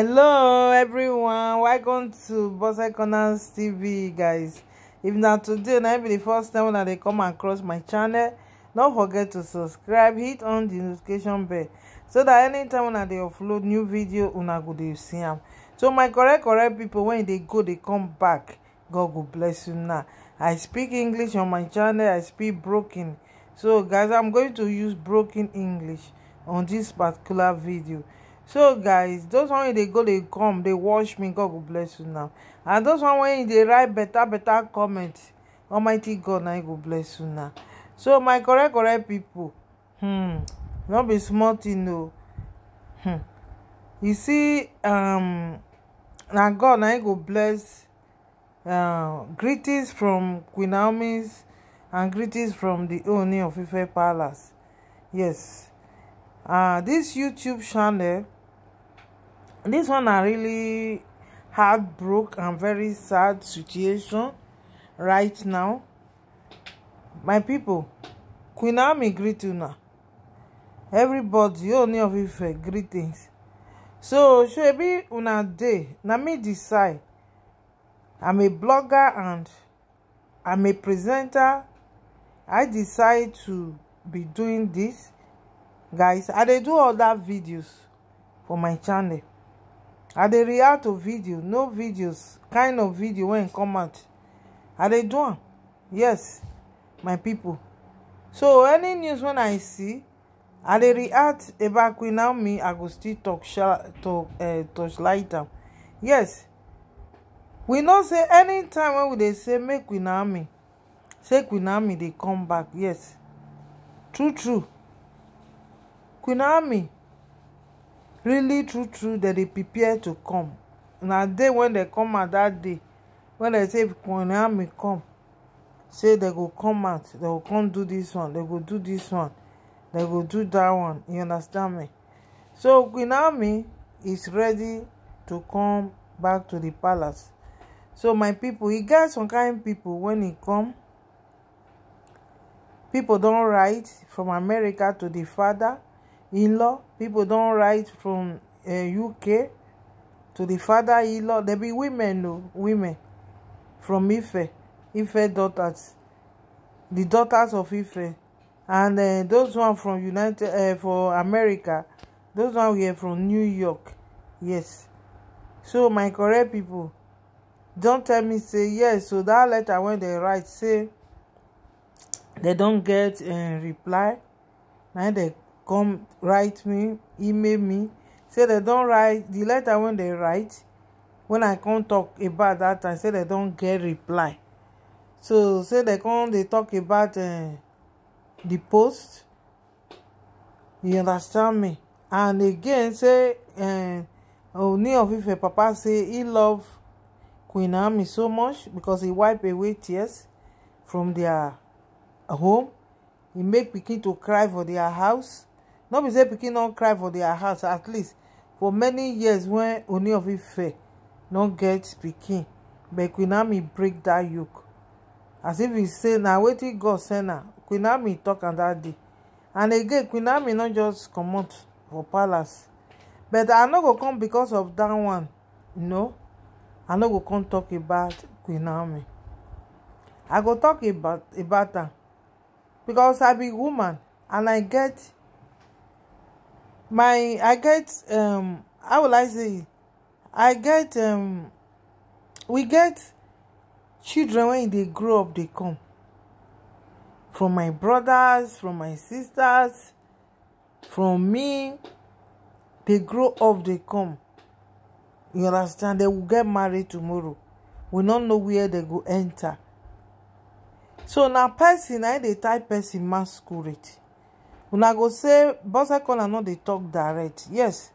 hello everyone welcome to bose Connors tv guys if not today now be the first time that they come across my channel don't forget to subscribe hit on the notification bell so that anytime when they upload new video una go dey see them so my correct correct people, when they go they come back god will bless you now i speak english on my channel i speak broken so guys i'm going to use broken english on this particular video so guys those one wey dey go dey come dey watch me god go bless you now and those one wey dey write better, better comment almighty god na go bless you now so my correct correct people, hmm no be small tin o oh. hmm you see um na god na go bless uh, greetings from queen naomi's and greetings from the owner of ife palace yes uh, this youtube channel this one na really heartbroken and very sad situation right now my people, queen army greeting una everybody only of ife greetings so shebi una day, na me decide i'm a blogger and i'm a presenter i decide to be doing this, guys i dey do other videos for my channel i dey react to video no videos kind of video wey e come out i dey do am yes my people. so any news wey i see i dey react about queen naomi i go still talk Uh, eh, light am yes we know say anytime when we dey say make queen naomi say queen naomi dey come back yes true true queen naomi really true true dem dey prepare to come na day wen dem come out dat day wen dem say queen naomi come say dem go come out dem go come do dis one dem go do dis one dem go do dat one you understand me so queen naomi is ready to come back to di palace so my pipo e get some kain pipo wen e come pipo don write from america to di father in law people don't write from eh, uk to the father He law there be women though, women from ife ife daughters the daughters of ife and uh, those one from united uh, for america those one were from new york yes so my correct people, don't tell me say yes so that letter wey dem write say they don't get reply na they come write me email me say they don write the letter wey they write When i come talk about that, time say they don get reply so say they come dey talk about eh, the post you understand me and again say eh, oni of ife papa say he love queen naomi so much because he wipe away tears from their home He make pikin to cry for their house no be say pikin don cry for their house at least for many years when oni of ife no get pikin but queen ami break that yoke as if e say na wetin god send her queen ami tok am that day and again queen ami no just comot for palace but i no go come because of that one no i no go come talk about queen ami i go talk about about am because i be woman and i get my i get um how will i say i get um we get children when they grow up they come from my brothers from my sisters from me they grow up they come you understand they will get married tomorrow we no know where they go enter so now, person I, they type person masquerade una go say bossa collar no dey talk direct yes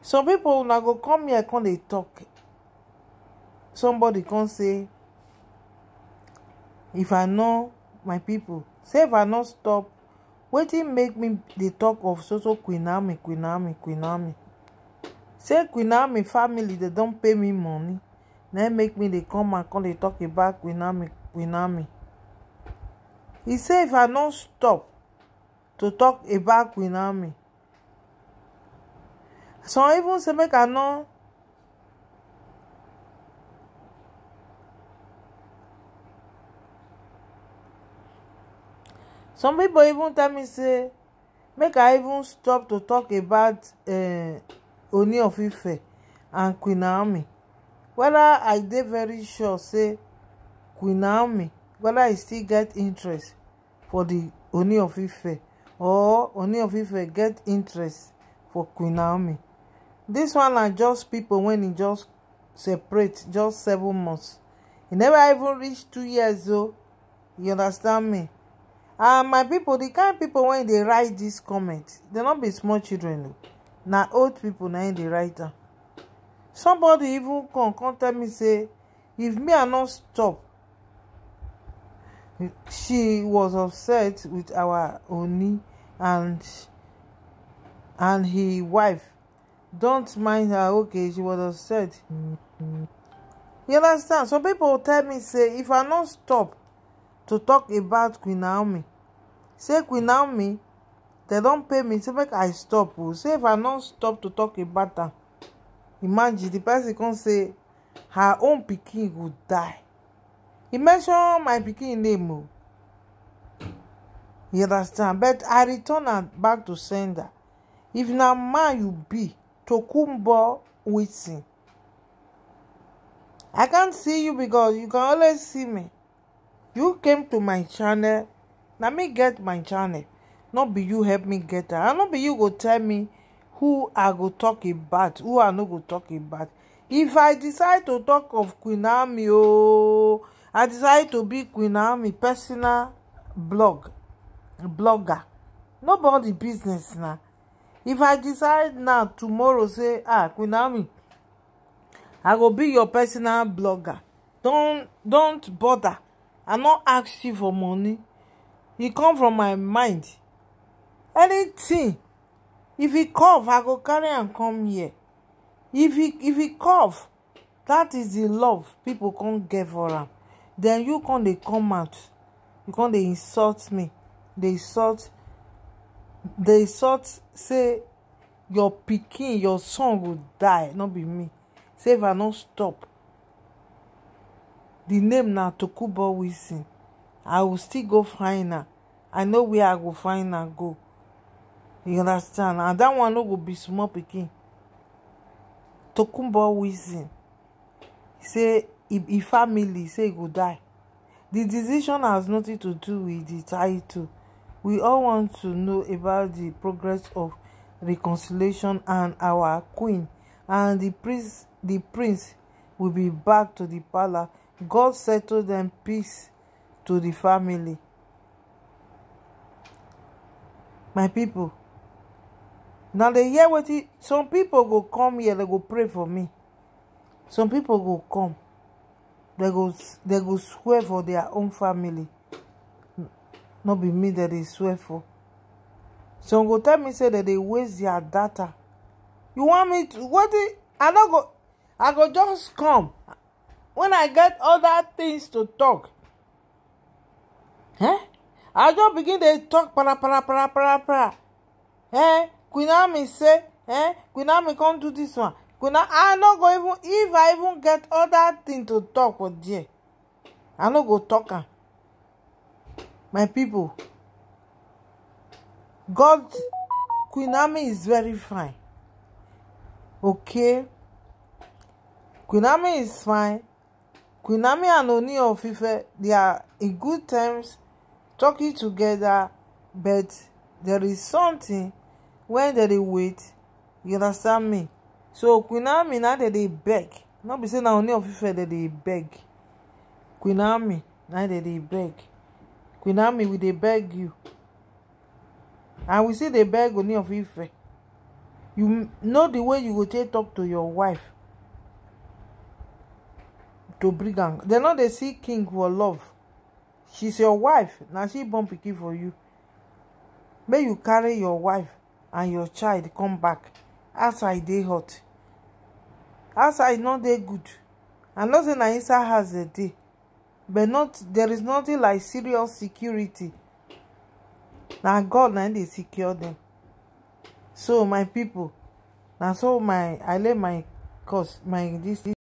some people una go come here come dey talk somebody come say if i know my people, say if i no stop wetin make me dey talk of so so queen naomi queen say queen family dey don pay me money na make me dey come and come dey talk about queen naomi He say if i no stop to talk about queen army some even say make i no some people even tell me say make i even stop to talk about eh, oni of ife and queen naomi whether i dey very sure say queen naomi whether I still get interest for the oni of ife or oni of ife get interest for queen naomi dis one na just people when e just separate just seven months He never even reach two years old. you understand me and my people, the kind people when they write this comment they not be small children o na old people. na im the writer. somebody even come come tell me say if me i not stop she was upset with our Oni and and his wife. Don't mind her, okay? She was upset. You understand? Some people tell me, say, if I not stop to talk about Queen Naomi, say Queen Naomi, they don't pay me, say make I stop. Oh. Say if I not stop to talk about her, imagine the person can say her own pikin go die he mention my pikin name o oh. you understand but i return am back to sender if na man you be tokunbo wilson i can't see you because you can always see me you came to my channel na me get my channel no be you help me get am and no be you go tell me who i go talk about who i no go talk about if i decide to talk of queen naomi ooo. Oh, I decided to be Queen Naomi personal blog blogger. Nobody business now. If I decide now tomorrow say ah Queen Naomi I will be your personal blogger. Don't don't bother. I not ask you for money. E come from my mind. Anything if he cough I go carry and come here. If he if he cough that is the love people can't get for him. Then you come They come out you come they insult me They insult They insult say your picking your son will die Not be me say if i no stop the name now tokubo wilson i will still go find am i know where i go find am go you understand and that one no go be small picking. tokubo wilson say If family say goodbye, go die decision has nothing to do with the title we all want to know about the progress of reconciliation and our queen and the prince the prince will be back to the palace god settle them peace to the family my people. Now they hear what he. some people go come here They go pray for me some people go come they go they go swear for their own family Not be me that they swear for some go tell me say that they waste their data you want me to what? i no go i go just come when i get other things to talk Huh? Eh? i just begin dey talk para para para para para eh queen ami say eh queen ami come do this one una i not go even if i even get other thing to talk with there i not go talk my people, god queen Ami is very fine okay queen Ami is fine queen Ami and oni of ife they are in good terms talking together but there is something when they wait you understand me so queen naomi na dem dey beg no be say na only of ife dem dey beg queen naomi na dem dey beg queen naomi we dey beg you and we still dey beg only of ife you know the way you go take talk to your wife to bring am dem no dey see king for love she's your wife na she born pikin for you make you carry your wife and your child come back outside dey hot outside no dey good i know say na inside house dey dey but not there is nothing like serious security na god na im dey secure them. so my people, na so my i lay my course my this.